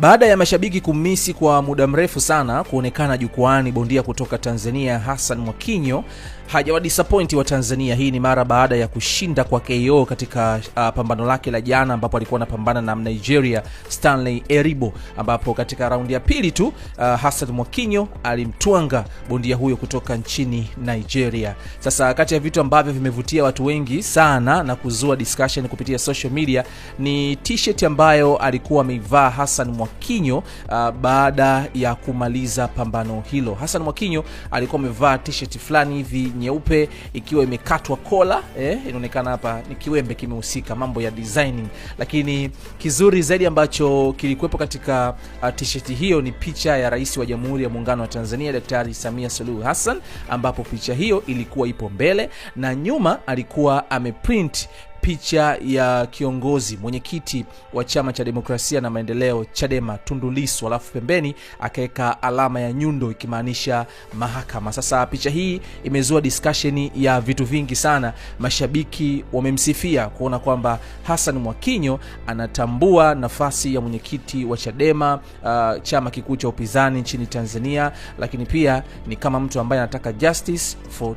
Baada ya mashabiki kumisi kwa muda mrefu sana kuonekana jukwaani, bondia kutoka Tanzania Hassan Mwakinyo hajawadisapointi wa Tanzania. Hii ni mara baada ya kushinda kwa KO katika uh, pambano lake la jana, ambapo alikuwa anapambana na Nigeria Stanley Eribo, ambapo katika raundi ya pili tu uh, Hassan Mwakinyo alimtwanga bondia huyo kutoka nchini Nigeria. Sasa kati ya vitu ambavyo vimevutia watu wengi sana na kuzua discussion kupitia social media ni tsht ambayo alikuwa ameivaa Hassan Mwakinyo Mwakinyo uh, baada ya kumaliza pambano hilo. hasan Mwakinyo alikuwa amevaa t fulani hivi nyeupe ikiwa imekatwa kola eh, inaonekana hapa ni kiwembe kimehusika mambo ya designing, lakini kizuri zaidi ambacho kilikuwepo katika uh, t hiyo ni picha ya Rais wa Jamhuri ya Muungano wa Tanzania Daktari Samia Suluhu Hassan, ambapo picha hiyo ilikuwa ipo mbele na nyuma alikuwa ameprint picha ya kiongozi mwenyekiti wa chama cha demokrasia na maendeleo Chadema Tundu alafu pembeni akaweka alama ya nyundo ikimaanisha mahakama. Sasa picha hii imezua discussion ya vitu vingi sana. Mashabiki wamemsifia kuona kwamba hasan Mwakinyo anatambua nafasi ya mwenyekiti wa Chadema, uh, chama kikuu cha upinzani nchini Tanzania, lakini pia ni kama mtu ambaye anataka justice for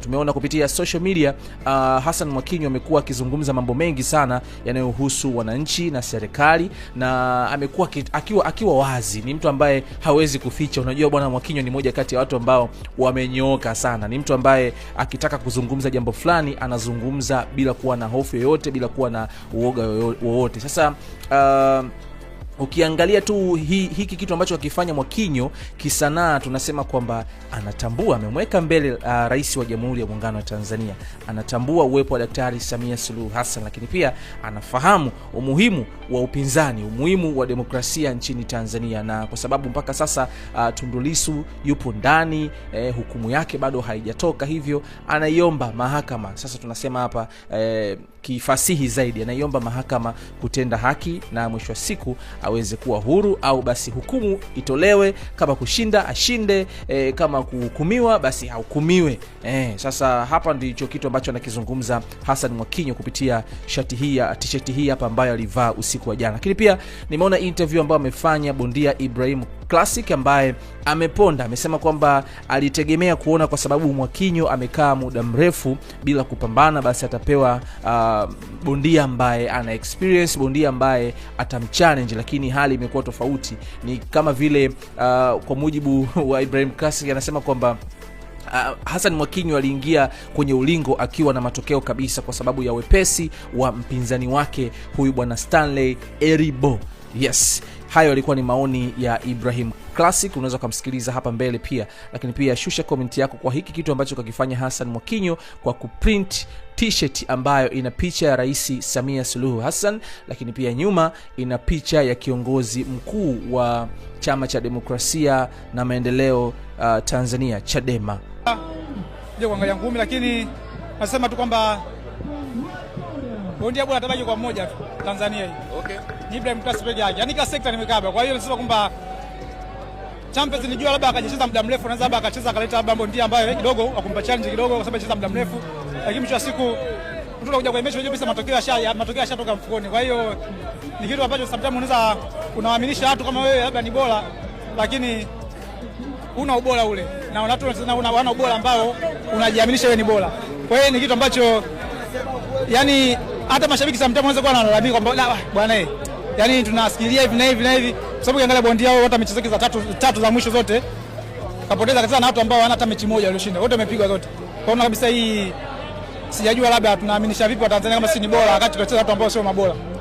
Tumeona kupitia social media uh, hasan Mwakinyo amekuwa akizungumza mambo mengi sana yanayohusu wananchi na serikali, na amekuwa akiwa, akiwa wazi. Ni mtu ambaye hawezi kuficha. Unajua bwana Mwakinyo ni moja kati ya watu ambao wamenyooka sana. Ni mtu ambaye akitaka kuzungumza jambo fulani anazungumza bila kuwa na hofu yoyote, bila kuwa na uoga wowote. Sasa uh, ukiangalia tu hi, hiki kitu ambacho akifanya Mwakinyo kisanaa, tunasema kwamba anatambua amemweka mbele uh, rais wa Jamhuri ya Muungano wa Tanzania, anatambua uwepo wa Daktari Samia Suluhu Hassan, lakini pia anafahamu umuhimu wa upinzani, umuhimu wa demokrasia nchini Tanzania, na kwa sababu mpaka sasa uh, tundulisu yupo ndani eh, hukumu yake bado haijatoka, hivyo anaiomba mahakama. Sasa tunasema hapa eh, kifasihi zaidi, anaiomba mahakama kutenda haki na mwisho wa siku aweze kuwa huru, au basi hukumu itolewe, kama kushinda ashinde, e, kama kuhukumiwa basi ahukumiwe. E, sasa hapa ndicho kitu ambacho anakizungumza Hassan Mwakinyo kupitia shati hii ya tisheti hii hapa ambayo alivaa usiku wa jana, lakini pia nimeona interview ambayo amefanya bondia Ibrahim Classic ambaye ameponda amesema kwamba alitegemea kuona kwa sababu Mwakinyo amekaa muda mrefu bila kupambana, basi atapewa uh, bondia ambaye ana experience, bondia ambaye atamchallenge, lakini hali imekuwa tofauti. Ni kama vile uh, kwa mujibu wa Ibrahim Classic anasema kwamba Uh, Hassan Mwakinyo aliingia kwenye ulingo akiwa na matokeo kabisa kwa sababu ya wepesi wa mpinzani wake huyu bwana Stanley Eribo. Yes, hayo yalikuwa ni maoni ya ibrahim classic unaweza ukamsikiliza hapa mbele pia lakini pia shusha komenti yako kwa hiki kitu ambacho kakifanya hasan mwakinyo kwa kuprint tshirt ambayo ina picha ya rais samia suluhu hassan lakini pia nyuma ina picha ya kiongozi mkuu wa chama cha demokrasia na maendeleo uh, tanzania chadema ja kuangalia ngumi lakini nasema tu kwamba bondia bora atabaje kwa mmoja tu Tanzania hii. Okay. Ni Ibrahim Traore peke yake. Yaani kila sekta nimekaba. Kwa hiyo nasema kwamba Champions nilijua labda akacheza muda mrefu, naweza labda akacheza akaleta labda bondia ambayo kidogo akumpa challenge kidogo kwa sababu acheza muda mrefu. Lakini mwisho wa siku mtu anakuja kwa mechi unajua bisa matokeo yasha matokeo yashatoka mfukoni. Kwa hiyo ni kitu ambacho sometimes unaweza unawaaminisha watu kama wewe labda ni bora lakini una ubora ule na watu wanasema una wana ubora ambao unajiaminisha wewe ni bora. Kwa hiyo ni kitu ambacho yani hata mashabiki sometimes wanaweza kuwa wanalalamika kwamba bwana eh, yani tunasikilia hivi na hivi na hivi, kwa sababu ukiangalia bondi yao hata mechi zake za tatu, tatu za mwisho zote kapoteza kabisa, na watu ambao wana hata mechi moja walioshinda wote wamepigwa zote. hiyo kabisa hii, sijajua labda tunaaminisha vipi Watanzania kama sisi ni bora wakati tunacheza watu ambao sio mabora.